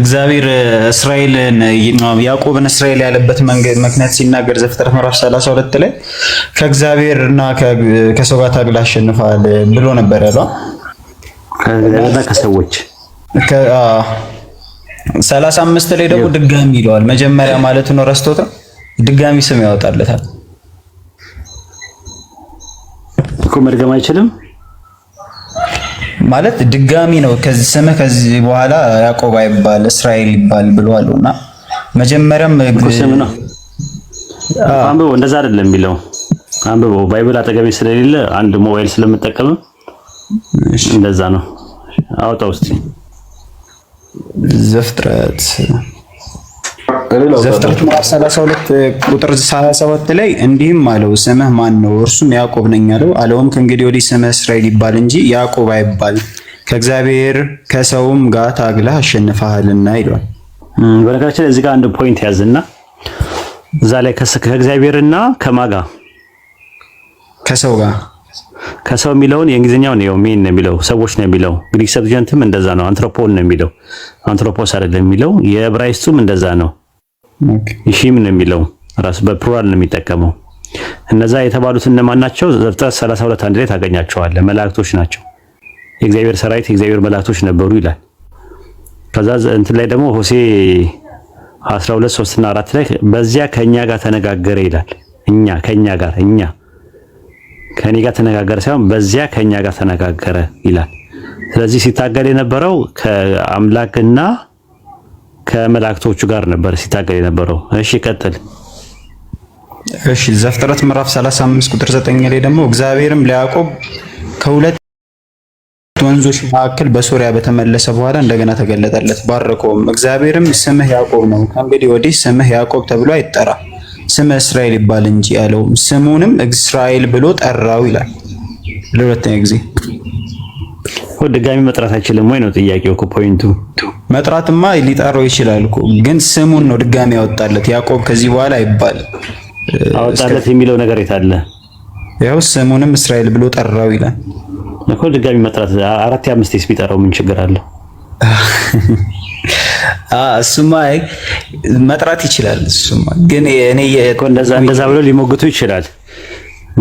እግዚአብሔር እስራኤልን ያዕቆብን እስራኤል ያለበት ምክንያት ሲናገር ዘፍጥረት ምዕራፍ 32 ላይ ከእግዚአብሔርና ከሰው ጋር ታግላ አሸንፋል ብሎ ነበር ያለው። ከሰዎች ሰላሳ አምስት ላይ ደግሞ ድጋሚ ይለዋል። መጀመሪያ ማለት ነው ረስቶት ነው ድጋሚ ስም ያወጣለታል እኮ መድገም አይችልም። ማለት ድጋሚ ነው ከዚህ ስምህ ከዚህ በኋላ ያዕቆብ አይባል እስራኤል ይባል ብለዋል። እና መጀመሪያም ስም ነው አንብቦ እንደዛ አይደለም የሚለው አንብቦ ባይብል አጠገቤ ስለሌለ አንድ ሞባይል ስለምጠቀም እንደዛ ነው። አውጣ ዘፍጥረት ዘፍጥረት ምዕራፍ 32 ቁጥር 27 ላይ እንዲህም አለው፣ ስምህ ማን ነው? እርሱም ያዕቆብ ነኝ አለው። አለውም ከእንግዲህ ወዲህ ስምህ እስራኤል ይባል እንጂ ያዕቆብ አይባል፣ ከእግዚአብሔር ከሰውም ጋር ታግለህ አሸንፈሃልና ይለዋል። በነገራችን ላይ እዚህ ጋር አንድ ፖይንት ያዝና እዛ ላይ ከእግዚአብሔርና ከማጋ ከሰው ጋር ከሰው የሚለውን የእንግሊዝኛው ነው ሚን ነው የሚለው ሰዎች ነው የሚለው ግሪክ ሰብጀንትም እንደዛ ነው። አንትሮፖን ነው የሚለው አንትሮፖስ አይደለም የሚለው የዕብራይስጡም እንደዛ ነው። ይሺም ነው የሚለው ራሱ በፕሉራል ነው የሚጠቀመው። እነዛ የተባሉት እነማን ናቸው? ዘፍጥረት 32 አንድ ላይ ታገኛቸዋለህ። መላእክቶች ናቸው። የእግዚአብሔር ሰራዊት የእግዚአብሔር መላእክቶች ነበሩ ይላል። ከዛ እንትን ላይ ደግሞ ሆሴ 12 3 እና 4 ላይ በዚያ ከኛ ጋር ተነጋገረ ይላል። እኛ ከኛ ጋር እኛ ከኔ ጋር ተነጋገረ ሳይሆን በዚያ ከኛ ጋር ተነጋገረ ይላል። ስለዚህ ሲታገል የነበረው ከአምላክና ከመላእክቶቹ ጋር ነበር ሲታገል የነበረው። እሺ ቀጥል። እሺ ዘፍጥረት ምዕራፍ 35 ቁጥር 9 ላይ ደግሞ እግዚአብሔርም ለያዕቆብ ከሁለት ወንዞች መካከል በሶሪያ በተመለሰ በኋላ እንደገና ተገለጠለት፣ ባረከውም። እግዚአብሔርም ስምህ ያዕቆብ ነው፣ ከእንግዲህ ወዲህ ስምህ ያዕቆብ ተብሎ አይጠራ፣ ስምህ እስራኤል ይባል እንጂ አለው። ስሙንም እስራኤል ብሎ ጠራው ይላል። ለሁለተኛ ጊዜ ድጋሚ መጥራት አይችልም ወይ ነው ጥያቄው፣ ፖይንቱ መጥራትማ ሊጠራው ይችላል እኮ ግን ስሙን ነው ድጋሚ ያወጣለት። ያዕቆብ ከዚህ በኋላ ይባል አወጣለት የሚለው ነገር የታለ? ያው ስሙንም እስራኤል ብሎ ጠራው ይላል እኮ ድጋሚ መጥራት አራት አምስት ቢጠራው ምን ችግር አለው? እሱማ መጥራት ይችላል። እሱማ ግን እኔ እንደዛ ብሎ ሊሞግቱ ይችላል።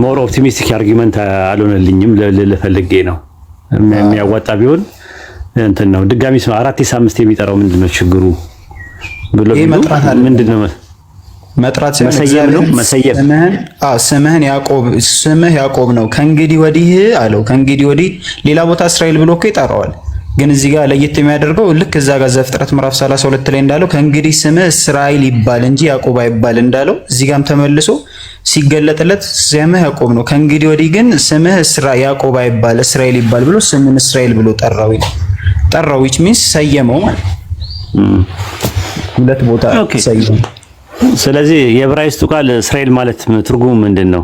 ሞር ኦፕቲሚስቲክ አርጊመንት አልሆነልኝም። ልፈልጌ ነው የሚያዋጣ ቢሆን እንትን ነው ድጋሚ ስማ አራት ሳምስት የሚጠራው ምንድን ነው ችግሩ ብሎ ምንድን ነው መጥራት መሰየም ነው መሰየም ስምህን ያዕቆብ ስምህ ያዕቆብ ነው ከእንግዲህ ወዲህ አለው ከእንግዲህ ወዲህ ሌላ ቦታ እስራኤል ብሎ እኮ ይጠራዋል ግን እዚህ ጋር ለየት የሚያደርገው ልክ እዛ ጋር ዘፍጥረት ምዕራፍ 32 ላይ እንዳለው ከእንግዲህ ስም እስራኤል ይባል እንጂ ያዕቆብ አይባል እንዳለው እዚህ ጋርም ተመልሶ ሲገለጥለት ስምህ ያዕቆብ ነው፣ ከእንግዲህ ወዲህ ግን ስምህ ያዕቆብ አይባል እስራኤል ይባል ብሎ ስምን እስራኤል ብሎ ጠራው ይላል። ጠራው which means ሰየመው ማለት ሁለት ቦታ ሰየመው። ስለዚህ የዕብራይስጡ ቃል እስራኤል ማለት ትርጉሙ ምንድን ነው?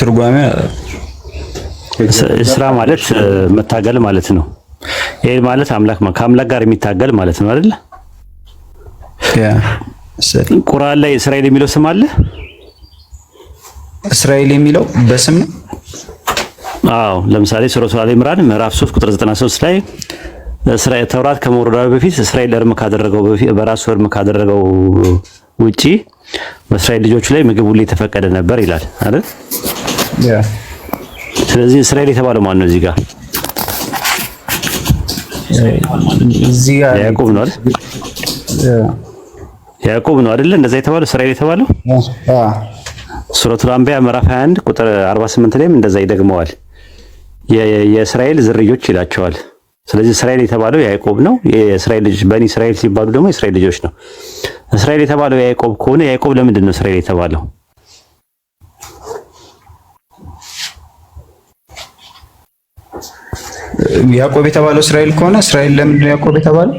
ትርጓሜ ስራ ማለት መታገል ማለት ነው። ይሄ ማለት አምላክ ከአምላክ ጋር የሚታገል ማለት ነው አይደለ? ቁርአን ላይ እስራኤል የሚለው ስም አለ። እስራኤል የሚለው በስም ነው። አዎ ለምሳሌ ሱረቱ አለ ኢምራን ምዕራፍ 3 ቁጥር 93 ላይ እስራኤል ተውራት ከመውረዷ በፊት እስራኤል እርም ካደረገው በፊት በራሱ እርም ካደረገው ውጪ በእስራኤል ልጆቹ ላይ ምግብ ሁሉ የተፈቀደ ነበር ይላል አይደል? ያ ስለዚህ እስራኤል የተባለው ማን ነው? እዚህ ጋር እዚህ ጋር ያዕቆብ ነው አይደል? ያዕቆብ ነው አይደል? እንደዛ የተባለው እስራኤል የተባለው ሱረቱል አንቢያ ምዕራፍ 21 ቁጥር 48 ላይም እንደዛ ይደግመዋል። የእስራኤል ዝርዮች ይላቸዋል። ስለዚህ እስራኤል የተባለው ያዕቆብ ነው። የእስራኤል ልጅ በኒ እስራኤል ሲባሉ ደግሞ የእስራኤል ልጆች ነው። እስራኤል የተባለው ያዕቆብ ከሆነ ያዕቆብ ለምንድን ነው እስራኤል የተባለው? ያዕቆብ የተባለው እስራኤል ከሆነ እስራኤል ለምንድን ነው ያዕቆብ የተባለው?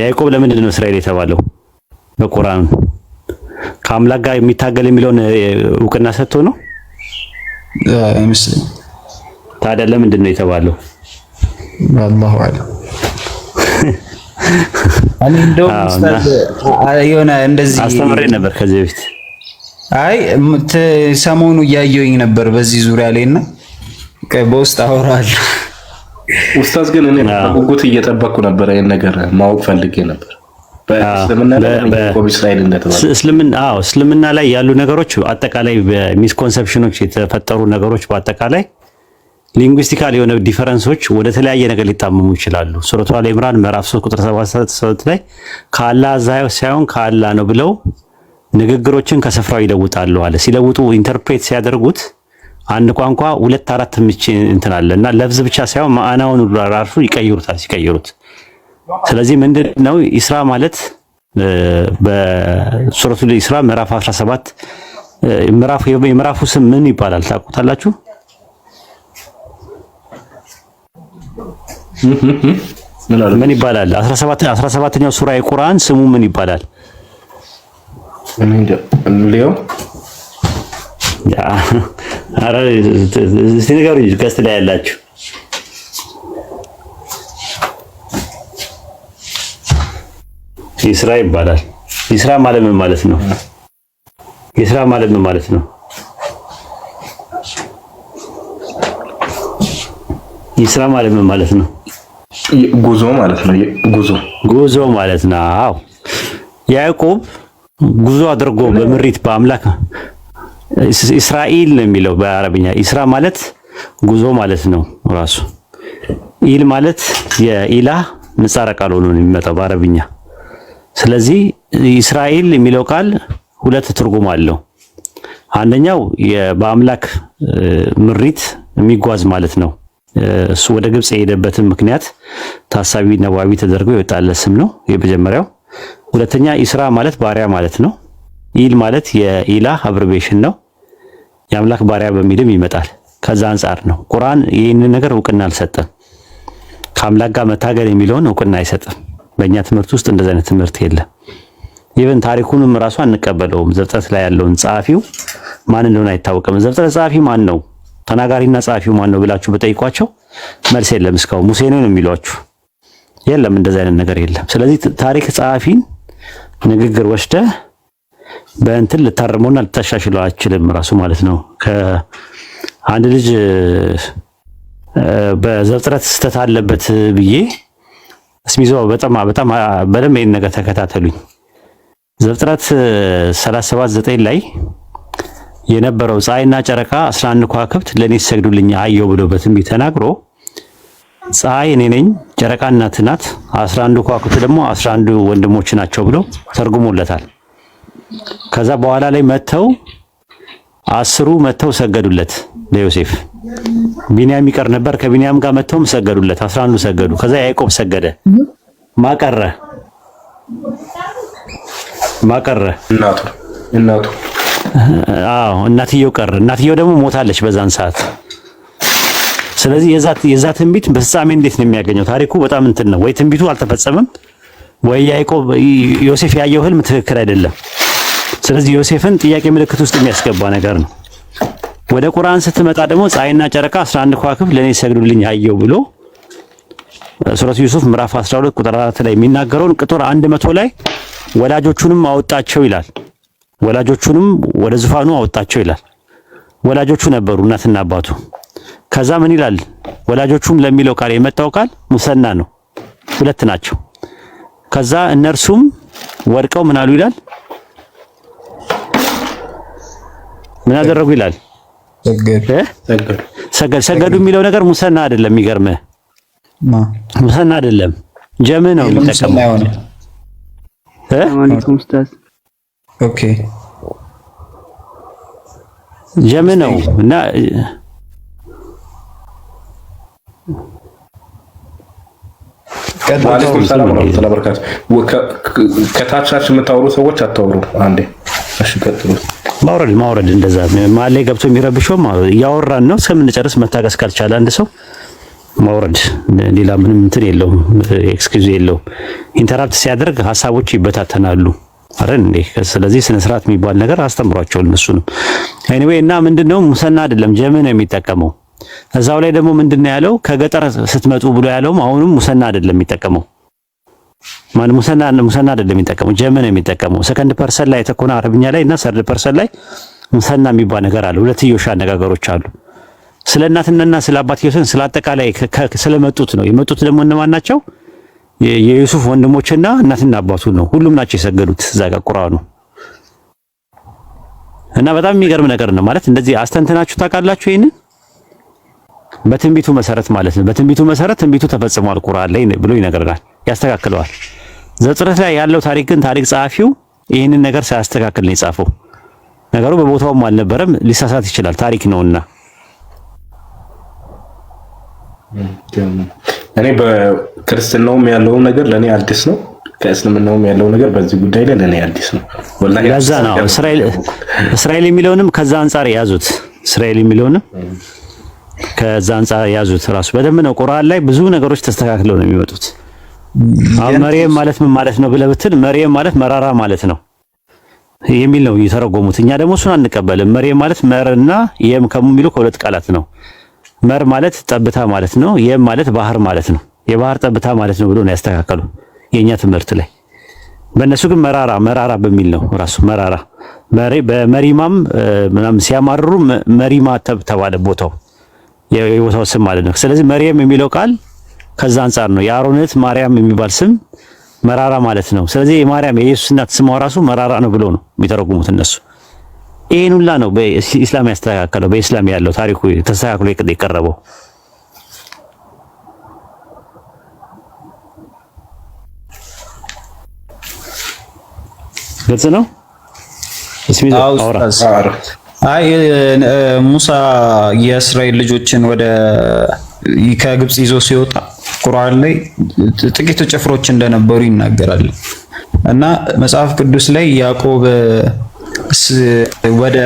ያዕቆብ ለምንድን ነው እስራኤል የተባለው? በቁርአን ከአምላክ ጋር የሚታገል የሚለውን እውቅና ሰጥቶ ነው አይመስለኝም። ታዲያ ለምንድን ነው የተባለው? አላሁ አለም። የሆነ እንደዚህ አስተምሬ ነበር ከዚህ በፊት አይ ሰሞኑ እያየሁኝ ነበር በዚህ ዙሪያ ላይ እና በውስጥ አወራለሁ። ኡስታዝ ግን እኔ በጉጉት እየጠበቅኩ ነበረ። ይህን ነገር ማወቅ ፈልጌ ነበር። እስልምና ላይ ያሉ ነገሮች አጠቃላይ በሚስኮንሰፕሽኖች የተፈጠሩ ነገሮች በአጠቃላይ ሊንግዊስቲካል የሆነ ዲፈረንሶች ወደ ተለያየ ነገር ሊጣመሙ ይችላሉ። ሱረቱ አለ ኢምራን ምዕራፍ 3 ቁጥር 77 ላይ ከአላህ ሳይሆን ከአላ ነው ብለው ንግግሮችን ከስፍራው ይለውጣሉ አለ። ሲለውጡ ኢንተርፕሬት ሲያደርጉት አንድ ቋንቋ ሁለት አራት ምች እንትን አለ እና ለፍዝ ብቻ ሳይሆን ማዕናውን ሁሉ አራርፉ ይቀይሩታል ሲቀይሩት። ስለዚህ ምንድን ነው ኢስራ ማለት በሱረቱ ኢስራ ምዕራፍ 17 ምዕራፍ የምዕራፉ ስም ምን ይባላል ታውቁታላችሁ? ምን ይባላል? 17 17ኛው ሱራ የቁርአን ስሙ ምን ይባላል? ምን አረ እስቲ ንገሩኝ፣ ገስት ላይ ያላችሁ ይስራ ይባላል። ይስራ ማለት ምን ማለት ነው? ይስራ ማለት ምን ማለት ነው? ይስራ ማለት ምን ማለት ነው? ጉዞ ማለት ነው። ጉዞ ጉዞ ማለት ነው። አዎ ያዕቆብ ጉዞ አድርጎ በምሪት በአምላክ እስራኤል ነው የሚለው በአረብኛ ኢስራ ማለት ጉዞ ማለት ነው ራሱ ኢል ማለት የኢላህ ምህጻረ ቃል ሆኖ ነው የሚመጣው በአረብኛ ስለዚህ እስራኤል የሚለው ቃል ሁለት ትርጉም አለው አንደኛው በአምላክ ምሪት የሚጓዝ ማለት ነው እሱ ወደ ግብጽ የሄደበትን ምክንያት ታሳቢ ነዋቢ ተደርጎ የወጣለት ስም ነው የመጀመሪያው ሁለተኛ ኢስራ ማለት ባሪያ ማለት ነው ኢል ማለት የኢላ አብርቤሽን ነው። የአምላክ ባሪያ በሚልም ይመጣል። ከዛ አንጻር ነው ቁርአን ይህን ነገር እውቅና አልሰጠም። ከአምላክ ጋር መታገል የሚለውን እውቅና አይሰጥም። በእኛ ትምህርት ውስጥ እንደዛ አይነት ትምህርት የለም። ኢቨን ታሪኩንም ራሱ አንቀበለውም። ዘፍጥረት ላይ ያለውን ጸሐፊው ማን እንደሆነ አይታወቅም። ዘፍጥረት ጸሐፊ ማን ነው ተናጋሪና ጸሐፊው ማን ነው ብላችሁ በጠይቋቸው መልስ የለም። እስካሁን ሙሴ ነው የሚሏችሁ። የለም እንደዚ አይነት ነገር የለም። ስለዚህ ታሪክ ጸሐፊን ንግግር ወስደህ በእንትን ልታርመውና ልታሻሽለው አችልም ራሱ ማለት ነው። ከአንድ ልጅ በዘብጥረት ስህተት አለበት ብዬ እስሚዞ በጣም በጣም በደንብ ይህን ነገር ተከታተሉኝ። ዘፍጥረት 379 ላይ የነበረው ፀሐይና ጨረቃ 11 ከዋክብት ለእኔ ሰግዱልኝ አየው ብሎ በትንቢት ተናግሮ ፀሐይ እኔ ነኝ፣ ጨረቃ እናት ናት፣ 11 ከዋክብት ደግሞ 11 ወንድሞች ናቸው ብሎ ተርጉሞለታል። ከዛ በኋላ ላይ መተው አስሩ መተው ሰገዱለት ለዮሴፍ። ቢንያም ይቀር ነበር። ከቢንያም ጋር መተውም ሰገዱለት። አስራ አንዱ ሰገዱ። ከዛ ያዕቆብ ሰገደ። ማቀረ ማቀረ እናቱ እናቱ አዎ እናትየው ቀረ። እናትየው ደግሞ ሞታለች በዛን ሰዓት። ስለዚህ የዛ ትንቢት በፍጻሜ እንዴት ነው የሚያገኘው? ታሪኩ በጣም እንትን ነው። ወይ ትንቢቱ አልተፈጸመም፣ ወይ ያዕቆብ ዮሴፍ ያየው ህልም ትክክል አይደለም። ስለዚህ ዮሴፍን ጥያቄ ምልክት ውስጥ የሚያስገባ ነገር ነው። ወደ ቁርአን ስትመጣ ደግሞ ፀሐይና ጨረቃ 11 ከዋክብት ለኔ ሰግዱልኝ አየው ብሎ ሱረቱ ዩሱፍ ምዕራፍ 12 ቁጥር 4 ላይ የሚናገረውን ቁጥር 100 ላይ ወላጆቹንም አወጣቸው ይላል። ወላጆቹንም ወደ ዙፋኑ አወጣቸው ይላል። ወላጆቹ ነበሩ እናትና አባቱ። ከዛ ምን ይላል? ወላጆቹም ለሚለው ቃል የመጣው ቃል ሙሰና ነው፣ ሁለት ናቸው። ከዛ እነርሱም ወድቀው ምን አሉ ይላል ምን አደረጉ ይላል? ሰገዱ። ሰገዱ የሚለው ነገር ሙሰና አይደለም። የሚገርምህ ሙሰና አይደለም፣ ጀም ነው የሚጠቀመው። ኦኬ ጀም ነው እና አለይኩም ሰላም የምታወሩ ሰዎች አታወሩ። አንዴ እሺ፣ ቀጥሉ። ማውረድ ማውረድ እንደዛ መሀል ላይ ገብቶ የሚረብሸው እያወራን ነው እስከምንጨርስ መታገስ ካልቻለ አንድ ሰው ማውረድ ሌላ ምንም እንትን የለውም፣ ኤክስኪዩዝ የለውም። ኢንተራፕት ሲያደርግ ሀሳቦች ይበታተናሉ። አረ እንዴ! ስለዚህ ስነ ስርዓት የሚባል ነገር አስተምሯቸው እነሱንም። ኤኒዌይ እና ምንድነው ሙሰና አይደለም ጀምን የሚጠቀመው እዛው ላይ ደግሞ ምንድነው ያለው ከገጠር ስትመጡ ብሎ ያለውም አሁንም ሙሰና አይደለም የሚጠቀመው ማን ሙሰና ሙሰና አይደለም የሚጠቀሙ ጀመን የሚጠቀሙ ሰከንድ ፐርሰን ላይ ተኮና አረብኛ ላይ እና ሰርድ ፐርሰን ላይ ሙሰና የሚባል ነገር አለ። ሁለትዮሽ አነጋገሮች አሉ። ስለ እናትናና ስለ አባትዮስን ስለ አጠቃላይ ስለመጡት ነው። የመጡት ደግሞ እነማን ናቸው? የዩሱፍ ወንድሞችና እናትና አባቱ ነው። ሁሉም ናቸው የሰገዱት እዛ ጋር ቁርአኑ እና በጣም የሚገርም ነገር ነው። ማለት እንደዚህ አስተንትናችሁ ታውቃላችሁ ይሄንን በትንቢቱ መሰረት ማለት ነው። በትንቢቱ መሰረት ትንቢቱ ተፈጽሟል ቁርአን ላይ ብሎ ይነግረናል፣ ያስተካክለዋል። ዘፍጥረት ላይ ያለው ታሪክ ግን ታሪክ ጸሐፊው ይህንን ነገር ሳያስተካክል ነው የጻፈው። ነገሩ በቦታውም አልነበረም፣ ሊሳሳት ይችላል፣ ታሪክ ነውና። እኔ በክርስትናውም ያለው ነገር ለኔ አዲስ ነው፣ ከእስልምናውም ያለው ነገር በዚህ ጉዳይ ላይ ለኔ አዲስ ነው። ለዛ ነው እስራኤል የሚለውንም ከዛ አንጻር የያዙት እስራኤል የሚለውንም ከዛ አንጻር ያዙት። ራሱ በደንብ ነው። ቁርአን ላይ ብዙ ነገሮች ተስተካክለው ነው የሚመጡት። አሁን መርየም ማለት ምን ማለት ነው ብለህ ብትል መርየም ማለት መራራ ማለት ነው የሚል ነው የተረጎሙት። እኛ ደግሞ እሱን አንቀበልም። መርየም ማለት መርና የም ከሚሉ ከሁለት ቃላት ነው። መር ማለት ጠብታ ማለት ነው። የም ማለት ባህር ማለት ነው። የባህር ጠብታ ማለት ነው ብሎ ነው ያስተካከሉ የኛ ትምህርት ላይ። በእነሱ ግን መራራ መራራ በሚል ነው ራሱ መራራ በመሪማም ምናምን ሲያማርሩ መሪማ ተባለ ቦታው የቦታው ስም ማለት ነው። ስለዚህ መርየም የሚለው ቃል ከዛ አንጻር ነው። የአሮን ማርያም የሚባል ስም መራራ ማለት ነው። ስለዚህ የማርያም የኢየሱስ እናት ስሟ ራሱ መራራ ነው ብሎ ነው የሚተረጉሙት እነሱ። ይሄን ሁላ ነው በኢስላም ያስተካከለው በኢስላም ያለው ታሪኩ ተስተካክሎ የቀረበው። ግልጽ ነው። አይ ሙሳ የእስራኤል ልጆችን ወደ ከግብጽ ይዞ ሲወጣ ቁርአን ላይ ጥቂት ጭፍሮች እንደነበሩ ይናገራል። እና መጽሐፍ ቅዱስ ላይ ያዕቆብ ወደ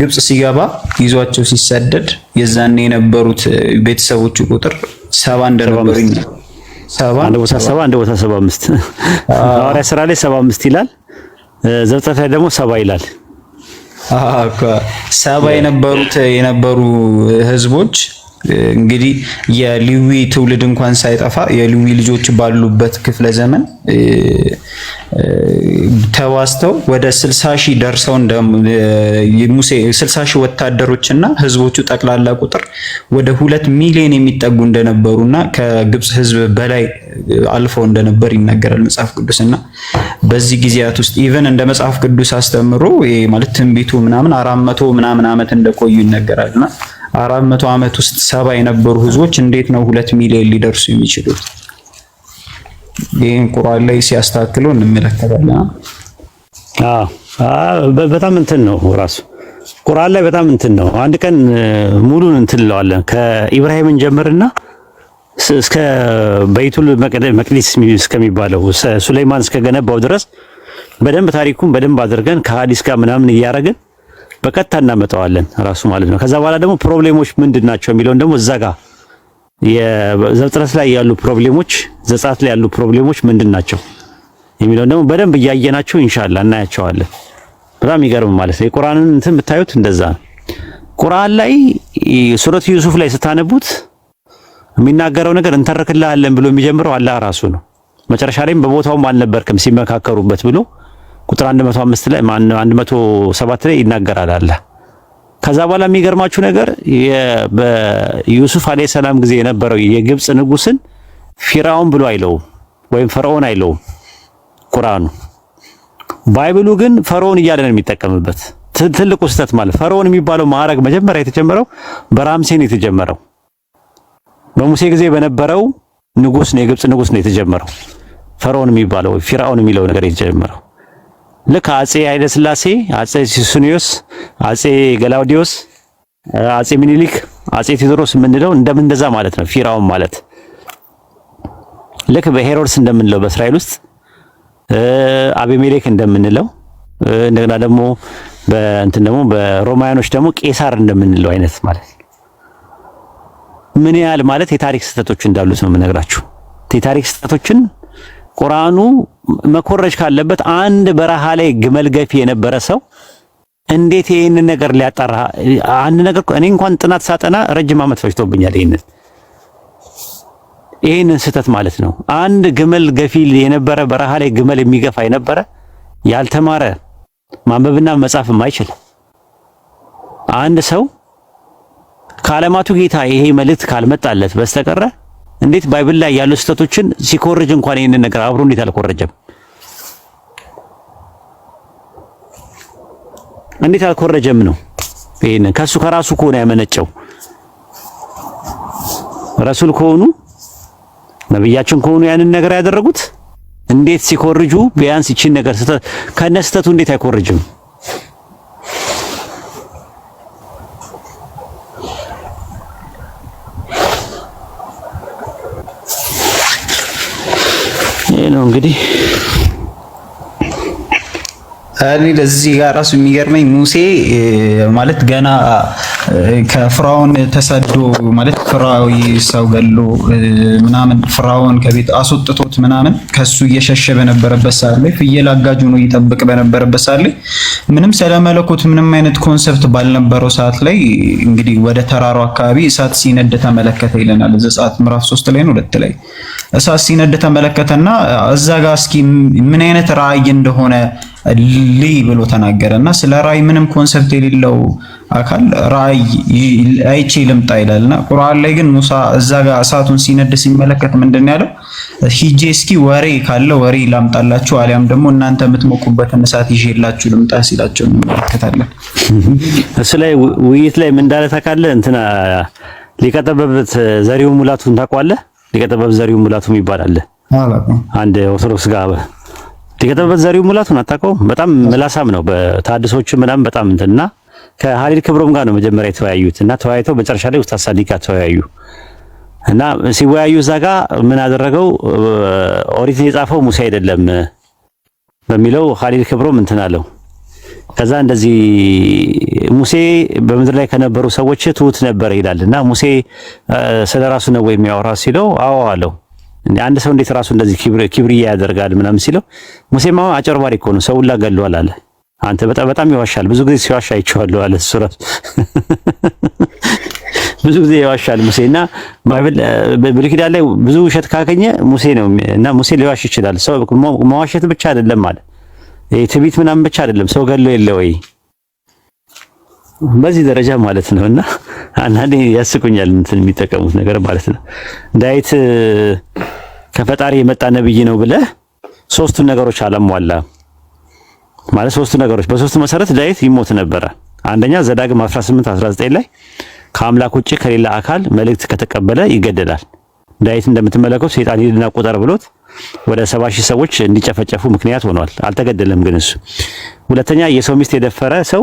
ግብጽ ሲገባ ይዟቸው ሲሰደድ የዛኔ የነበሩት ቤተሰቦቹ ቁጥር ሰባ እንደነበሩ አንድ ቦታ ሰባ አምስት ሐዋርያት ሥራ ላይ ሰባ አምስት ይላል። ዘፍጥረት ላይ ደግሞ ሰባ ይላል። ሰባ የነበሩት የነበሩ ህዝቦች እንግዲህ የሊዊ ትውልድ እንኳን ሳይጠፋ የሊዊ ልጆች ባሉበት ክፍለ ዘመን ተዋስተው ወደ 60 ሺህ ደርሰው እንደ ሙሴ 60 ሺህ ወታደሮችና ህዝቦቹ ጠቅላላ ቁጥር ወደ ሁለት ሚሊዮን የሚጠጉ እንደነበሩና ከግብጽ ህዝብ በላይ አልፈው እንደነበር ይነገራል መጽሐፍ ቅዱስና በዚህ ጊዜያት ውስጥ ኢቨን እንደ መጽሐፍ ቅዱስ አስተምሮ ማለት ትንቢቱ ምናምን አራት መቶ ምናምን ዓመት እንደቆዩ ይነገራልና አራት መቶ ዓመት ውስጥ ሰባ የነበሩ ህዝቦች እንዴት ነው ሁለት ሚሊዮን ሊደርሱ የሚችሉት? ይህን ቁርአን ላይ ሲያስተካክለው እንመለከታለን። በጣም እንትን ነው ራሱ ቁርአን ላይ በጣም እንትን ነው። አንድ ቀን ሙሉን እንትን እንለዋለን። ከኢብራሂምን ጀምርና እስከ በይቱል መቅዲስ እስከሚባለው ሱለይማን እስከገነባው ድረስ በደንብ ታሪኩን በደንብ አድርገን ከሀዲስ ጋር ምናምን እያደረግን በቀጥታ እናመጣዋለን ራሱ ማለት ነው። ከዛ በኋላ ደግሞ ፕሮብሌሞች ምንድን ናቸው የሚለውን ደግሞ እዛ ጋ ዘፍጥረት ላይ ያሉ ፕሮብሌሞች፣ ዘጸአት ላይ ያሉ ፕሮብሌሞች ምንድን ናቸው የሚለውን ደግሞ በደንብ እያየናቸው ኢንሻአላ እናያቸዋለን። በጣም ይገርም ማለት ነው። የቁርአንን እንትን ብታዩት እንደዛ ነው። ቁርአን ላይ ሱረት ዩሱፍ ላይ ስታነቡት የሚናገረው ነገር እንተርክልሃለን ብሎ የሚጀምረው አላህ ራሱ ነው። መጨረሻ ላይም በቦታውም አልነበርክም ሲመካከሩበት ብሎ ቁጥር 105 ላይ ማን 107 ላይ ይናገራል አለ። ከዛ በኋላ የሚገርማችሁ ነገር በዩሱፍ አለይሂ ሰላም ጊዜ የነበረው የግብፅ ንጉስን ፊራውን ብሎ አይለውም ወይም ፈርዖን አይለውም ቁርአኑ። ባይብሉ ግን ፈርዖን እያለ ነው የሚጠቀምበት። ትልቁ ስህተት ማለት ፈርዖን የሚባለው ማዕረግ መጀመሪያ የተጀመረው በራምሴን የተጀመረው በሙሴ ጊዜ በነበረው ንጉስ ነው፣ የግብፅ ንጉስ ነው የተጀመረው። ፈርዖን የሚባለው ፊራውን የሚለው ነገር የተጀመረው ልክ አጼ ኃይለስላሴ፣ አጼ ሱስንዮስ፣ አጼ ገላውዲዮስ፣ አጼ ሚኒሊክ፣ አጼ ቴዎድሮስ የምንለው እንደምን እንደዛ ማለት ነው። ፊራውን ማለት ልክ በሄሮድስ እንደምንለው በእስራኤል ውስጥ አቤሜሌክ እንደምንለው እንደገና ደግሞ በእንትን ደግሞ በሮማያኖች ደግሞ ቄሳር እንደምንለው አይነት ማለት ምን ያህል ማለት የታሪክ ስህተቶች እንዳሉት ነው የምነግራችሁ የታሪክ ስህተቶችን ቁርአኑ መኮረጅ ካለበት አንድ በረሃ ላይ ግመል ገፊ የነበረ ሰው እንዴት ይህንን ነገር ሊያጣራ አንድ ነገር እኔ እንኳን ጥናት ሳጠና ረጅም ዓመት ፈጅቶብኛል። ይህንን ይህንን ስህተት ማለት ነው። አንድ ግመል ገፊ የነበረ በረሃ ላይ ግመል የሚገፋ የነበረ ያልተማረ ማንበብና መጻፍ የማይችል አንድ ሰው ከዓለማቱ ጌታ ይሄ መልእክት ካልመጣለት በስተቀረ እንዴት ባይብል ላይ ያሉ ስህተቶችን ሲኮርጅ እንኳን ይህንን ነገር አብሮ እንዴት አልኮረጀም? እንዴት አልኮረጀም ነው? ይሄንን ከሱ ከራሱ ከሆነ ያመነጨው ረሱል ከሆኑ ነብያችን ከሆኑ ያንን ነገር ያደረጉት እንዴት ሲኮርጁ ቢያንስ ይቺን ነገር ከነስተቱ እንዴት አይኮርጅም? ነው እንግዲህ እኔ ለዚህ ጋር ራሱ የሚገርመኝ ሙሴ ማለት ገና ከፍራውን ተሰዶ ማለት ፍራዊ ሰው ገሎ ምናምን ፍራውን ከቤት አስወጥቶት ምናምን ከሱ እየሸሸ በነበረበት ሰዓት ላይ ፍየል አጋጁ ነው ይጠብቅ በነበረበት ሰዓት ላይ ምንም ስለመለኮት ምንም አይነት ኮንሰፕት ባልነበረው ሰዓት ላይ እንግዲህ ወደ ተራራው አካባቢ እሳት ሲነድ ተመለከተ ይለናል። እዛ ሰዓት ምዕራፍ 3 ላይ ነው ሁለት ላይ እሳት ሲነድ ተመለከተና እዛ ጋር እስኪ ምን አይነት ራእይ እንደሆነ ሊ ብሎ ተናገረ እና ስለ ራእይ ምንም ኮንሰፕት የሌለው አካል ራእይ አይቼ ልምጣ ይላል እና ቁርአን ላይ ግን ሙሳ እዛ ጋር እሳቱን ሲነድ ሲመለከት ምንድን ያለው? ሂጄ እስኪ ወሬ ካለ ወሬ ላምጣላችሁ አሊያም ደግሞ እናንተ የምትሞቁበትን እሳት ይዤላችሁ ልምጣ ሲላቸው እንመለከታለን። እሱ ላይ ውይይት ላይ ምን እንዳለ ታውቃለህ? እንትና ሊቀጠበብ ዘሪው ሙላቱን ታውቀዋለህ? ሊቀጠበብ ዘሪው ሙላቱም ይባላል። አንድ ኦርቶዶክስ ጋር የገጠመበት ዘሪው ሙላቱን አታውቀውም? በጣም ምላሳም ነው። በታድሶቹ ምናምን በጣም እንትና ከሀሊል ክብሮም ጋር ነው መጀመሪያ የተወያዩት እና ተወያይተው መጨረሻ ላይ ኡስታዝ ሳዲቅ ጋር ተወያዩ እና ሲወያዩ እዛ ጋ ምን አደረገው? ኦሪትን የጻፈው ሙሴ አይደለም በሚለው ሀሊል ክብሮም እንትን አለው። ከዛ እንደዚህ ሙሴ በምድር ላይ ከነበሩ ሰዎች ትሁት ነበር ይላል እና ሙሴ ስለራሱ ነው የሚያወራ ሲለው አዎ አለው አንድ ሰው እንዴት ራሱ እንደዚህ ኪብርያ ያደርጋል ምናምን ሲለው ሙሴማ አጨርባሪ እኮ ነው፣ ሰውን ላገለዋል አለ። አንተ በጣም በጣም ይዋሻል፣ ብዙ ጊዜ ሲዋሻ አይቼዋለሁ አለ። እሱ ራሱ ብዙ ጊዜ ይዋሻል ሙሴና ባይብል ብሉይ ኪዳን ላይ ብዙ ውሸት ካገኘ ሙሴ ነው እና ሙሴ ሊዋሽ ይችላል። ሰው መዋሸት ብቻ አይደለም አለ። ትዕቢት ምናምን ብቻ አይደለም ሰው ገሎ የለ ወይ በዚህ ደረጃ ማለት ነው። እና አንዳንዴ ያስቁኛል እንትን የሚጠቀሙት ነገር ማለት ነው። ዳዊት ከፈጣሪ የመጣ ነብይ ነው ብለ ሶስቱን ነገሮች አላሟላ ማለት ሶስቱ ነገሮች በሶስቱ መሰረት ዳዊት ይሞት ነበረ። አንደኛ ዘዳግም 18 19 ላይ ከአምላክ ውጭ ከሌላ አካል መልእክት ከተቀበለ ይገደላል። ዳዊት እንደምትመለከቱ ሰይጣን ሂድና ቁጠር ብሎት ወደ 70 ሺህ ሰዎች እንዲጨፈጨፉ ምክንያት ሆኗል። አልተገደለም ግን እሱ። ሁለተኛ የሰው ሚስት የደፈረ ሰው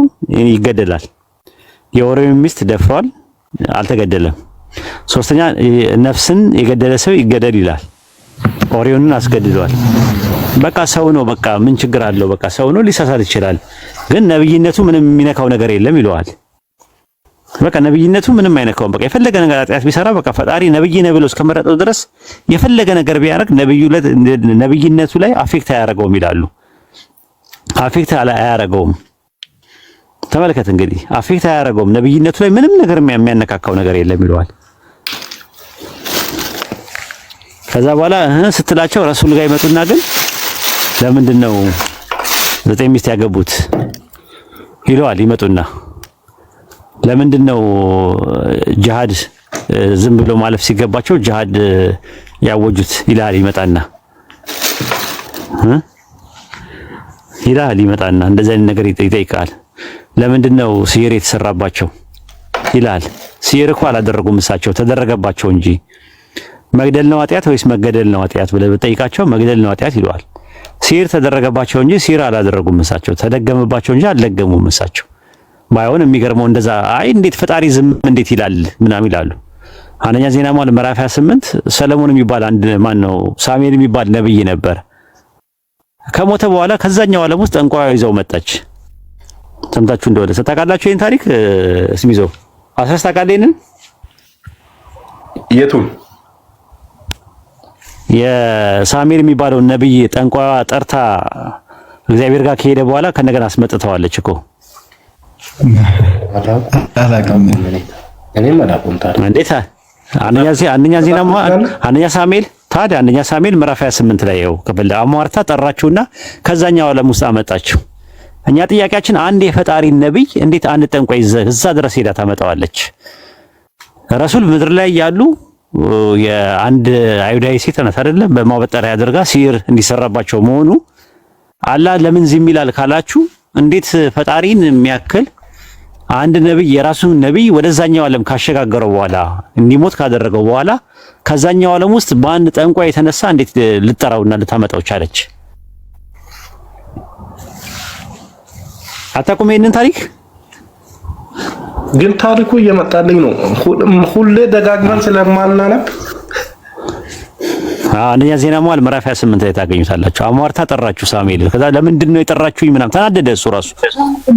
ይገደላል። የኦሪዮ ሚስት ደፍሯል፣ አልተገደለም። ሶስተኛ ነፍስን የገደለ ሰው ይገደል ይላል። ኦሪዮንን አስገድዷል። በቃ ሰው ነው፣ በቃ ምን ችግር አለው? በቃ ሰው ነው፣ ሊሳሳት ይችላል። ግን ነብይነቱ ምንም የሚነካው ነገር የለም ይለዋል። በቃ ነብይነቱ ምንም አይነካውም። በቃ የፈለገ ነገር አጥያት ቢሰራ በቃ ፈጣሪ ነብይ ነው ብሎ እስከመረጠው ድረስ የፈለገ ነገር ቢያደርግ ነብይነቱ ላይ አፌክት አያደርገውም ይላሉ። አፌክት አያደርገውም ተመልከት እንግዲህ አፌክት አያደርገውም። ነብይነቱ ላይ ምንም ነገር የሚያነካካው ነገር የለም ይለዋል። ከዛ በኋላ ስትላቸው ረሱል ጋር ይመጡና ግን ለምንድን ነው ዘጠኝ ሚስት ያገቡት ይለዋል። ይመጡና ለምንድን ነው ጅሃድ ዝም ብሎ ማለፍ ሲገባቸው ጅሃድ ያወጁት ይላል። ይመጣና ይላል ይመጣና እንደዚህ አይነት ነገር ይጠይቃል። ለምንድን ነው ሲህር የተሰራባቸው ይላል። ሲየር እኮ አላደረጉም እሳቸው ተደረገባቸው እንጂ መግደል ነው አጥያት ወይስ መገደል ነው አጥያት ብለህ ብጠይቃቸው መግደል ነው አጥያት ይለዋል። ሲር ተደረገባቸው እንጂ ሲር አላደረጉም እሳቸው ተደገመባቸው እንጂ አልደገሙም እሳቸው። ባይሆን የሚገርመው እንደዛ አይ እንዴት ፈጣሪ ዝም እንዴት ይላል ምናምን ይላሉ። አንደኛ ዜና መዋዕል ምዕራፍ 28 ሰለሞን የሚባል አንድ ማን ነው ሳሙኤል የሚባል ነብይ ነበር። ከሞተ በኋላ ከዛኛው ዓለም ውስጥ ጠንቋይ ይዘው መጣች። ሰምታችሁ እንደሆነ ስታውቃላችሁ ይሄን ታሪክ ስሚዞ አስረስ ታውቃለህ? ይሄንን የቱን የሳሚር የሚባለው ነብይ ጠንቋዋ ጠርታ እግዚአብሔር ጋር ከሄደ በኋላ ከነገር አስመጥተዋለች እኮ አንደኛ ሳሙኤል ታዲያ አንደኛ ሳሙኤል ምዕራፍ 28 ላይ ይኸው ከበላ አሟርታ ጠራችሁና ከዛኛው ዓለም ውስጥ አመጣችሁ። እኛ ጥያቄያችን አንድ የፈጣሪ ነቢይ እንዴት አንድ ጠንቋይ እዛ ድረስ ሄዳ ታመጣዋለች? ረሱል ምድር ላይ ያሉ የአንድ አይሁዳዊ ሴት ናት አይደለም፣ በማበጠሪያ አድርጋ ሲር እንዲሰራባቸው መሆኑ አላህ ለምን ዝም ይላል ካላችሁ፣ እንዴት ፈጣሪን የሚያክል አንድ ነቢይ የራሱን ነቢይ ወደዛኛው ዓለም ካሸጋገረው በኋላ እንዲሞት ካደረገው በኋላ ከዛኛው ዓለም ውስጥ በአንድ ጠንቋይ የተነሳ እንዴት ልጠራውና ልታመጣው ቻለች? አታውቁም ይሄንን ታሪክ ግን ታሪኩ እየመጣልኝ ነው። ሁሌ ደጋግመን ስለማናነብ አንደኛ ዜና መዋዕል ምዕራፍ 28 ላይ ታገኙታላችሁ። አሟርታ ጠራችሁ ሳሙኤል። ከዛ ለምንድን ነው የጠራችሁኝ ምናም ተናደደ። እሱ ራሱ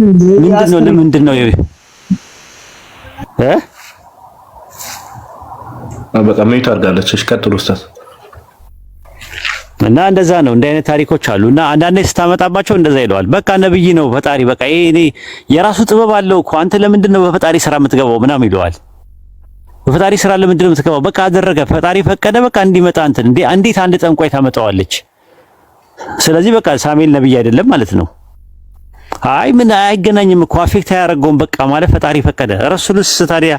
ምንድን ነው ለምንድን ነው እ በቃ ምን ታርጋለች? እሺ ቀጥሉ ኡስታዝ እና እንደዛ ነው። እንዲህ አይነት ታሪኮች አሉ እና አንዳንዴ ስታመጣባቸው እንደዛ ይለዋል። በቃ ነብይ ነው ፈጣሪ በቃ ይሄ እኔ የራሱ ጥበብ አለው እኮ አንተ ለምንድን ነው በፈጣሪ ስራ የምትገባው ምናም ይለዋል። በፈጣሪ ስራ ለምንድን ነው የምትገባው? በቃ አደረገ ፈጣሪ ፈቀደ በቃ እንዲመጣ እንትን እንዴት አንድ ጠንቋይ ታመጣዋለች? ስለዚህ በቃ ሳሙኤል ነብይ አይደለም ማለት ነው። አይ ምን አይገናኝም እኮ አፌክት አያደርገውም በቃ ማለት ፈጣሪ ፈቀደ። ረሱልስ ታዲያ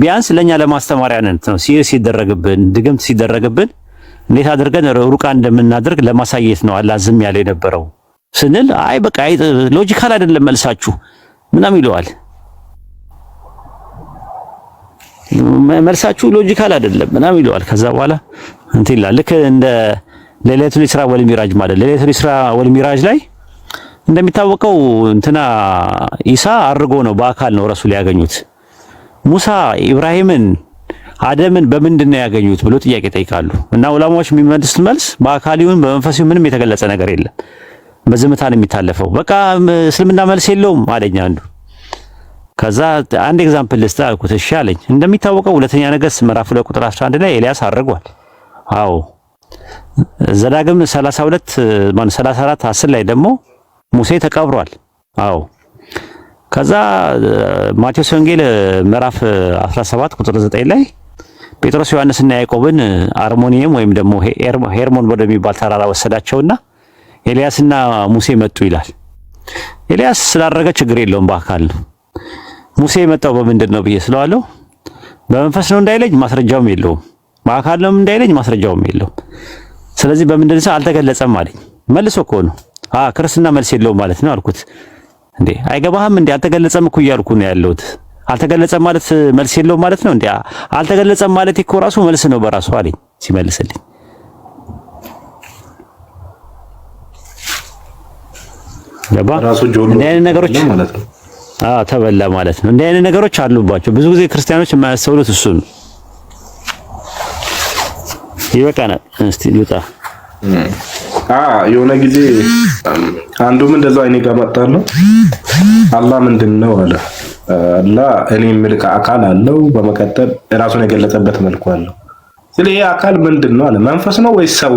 ቢያንስ ለኛ ለማስተማሪያነት ነው ሲደረግብን ድግምት ሲደረግብን እንዴት አድርገን ሩቃ እንደምናደርግ ለማሳየት ነው አላህ ዝም ያለ የነበረው ስንል፣ አይ በቃ ሎጂካል አይደለም መልሳችሁ ምናምን ይለዋል። መልሳችሁ ሎጂካል አይደለም ምናምን ይለዋል። ከዛ በኋላ እንትን ይላል። ልክ እንደ ሌሊቱል ኢስራ ወል ሚራጅ ማለት ሌሊቱል ኢስራ ወል ሚራጅ ላይ እንደሚታወቀው እንትና ኢሳ አድርጎ ነው በአካል ነው ረሱል ያገኙት ሙሳ ኢብራሂምን አደምን በምንድን ነው ያገኙት ብሎ ጥያቄ ይጠይቃሉ። እና ዑላማዎች የሚመልሱት መልስ በአካል ይሁን በመንፈስ ምንም የተገለጸ ነገር የለም፣ በዝምታን ነው የሚታለፈው። በቃ እስልምና መልስ የለውም አለኝ አንዱ። ከዛ አንድ ኤግዛምፕል ልስጥህ አልኩት። እሺ አለኝ። እንደሚታወቀው ሁለተኛ ነገስት ምዕራፍ 2 ቁጥር 11 ላይ ኤልያስ አድርጓል። አዎ ዘዳግም 32 ማን 34 10 ላይ ደግሞ ሙሴ ተቀብሯል። አዎ ከዛ ማቴዎስ ወንጌል ምዕራፍ 17 ቁጥር 9 ላይ ጴጥሮስ ዮሐንስና ያዕቆብን አርሞኒየም ወይም ደግሞ ሄርሞን ወደሚባል ተራራ ወሰዳቸውና ኤልያስና ሙሴ መጡ ይላል። ኤልያስ ስላረገ ችግር የለውም በአካል ሙሴ የመጣው በምንድን ነው ብዬ ስለዋለው በመንፈስ ነው እንዳይለኝ ማስረጃውም የለውም፣ በአካል ነው እንዳይለኝ ማስረጃውም የለውም። ስለዚህ በምንድን ሰው አልተገለጸም አለኝ። መልሶ እኮ ነው ክርስትና መልስ የለውም ማለት ነው አልኩት። እንዴ አይገባህም እንዴ አልተገለጸም እኮ እያልኩ ነው ያለሁት አልተገለጸም ማለት መልስ የለውም ማለት ነው። እንዴ አልተገለጸም ማለት እኮ ራሱ መልስ ነው በራሱ አለኝ ሲመልስልኝ። ገባ እንዲህ አይነት ነገሮች አዎ ተበላ ማለት ነው። እንዲህ አይነት ነገሮች አሉባቸው። ብዙ ጊዜ ክርስቲያኖች የማያስተውሉት እሱ ነው። ይበቃናል። እስቲ ልውጣ። የሆነ ጊዜ አንዱም እንደዛው አይኔ ጋር መጣለሁ። አላህ ምንድን ነው አለ እና እኔ የምልክ አካል አለው። በመቀጠል ራሱን የገለጸበት መልኩ አለው። ስለ ይሄ አካል ምንድን ነው አለ። መንፈስ ነው ወይስ ሰው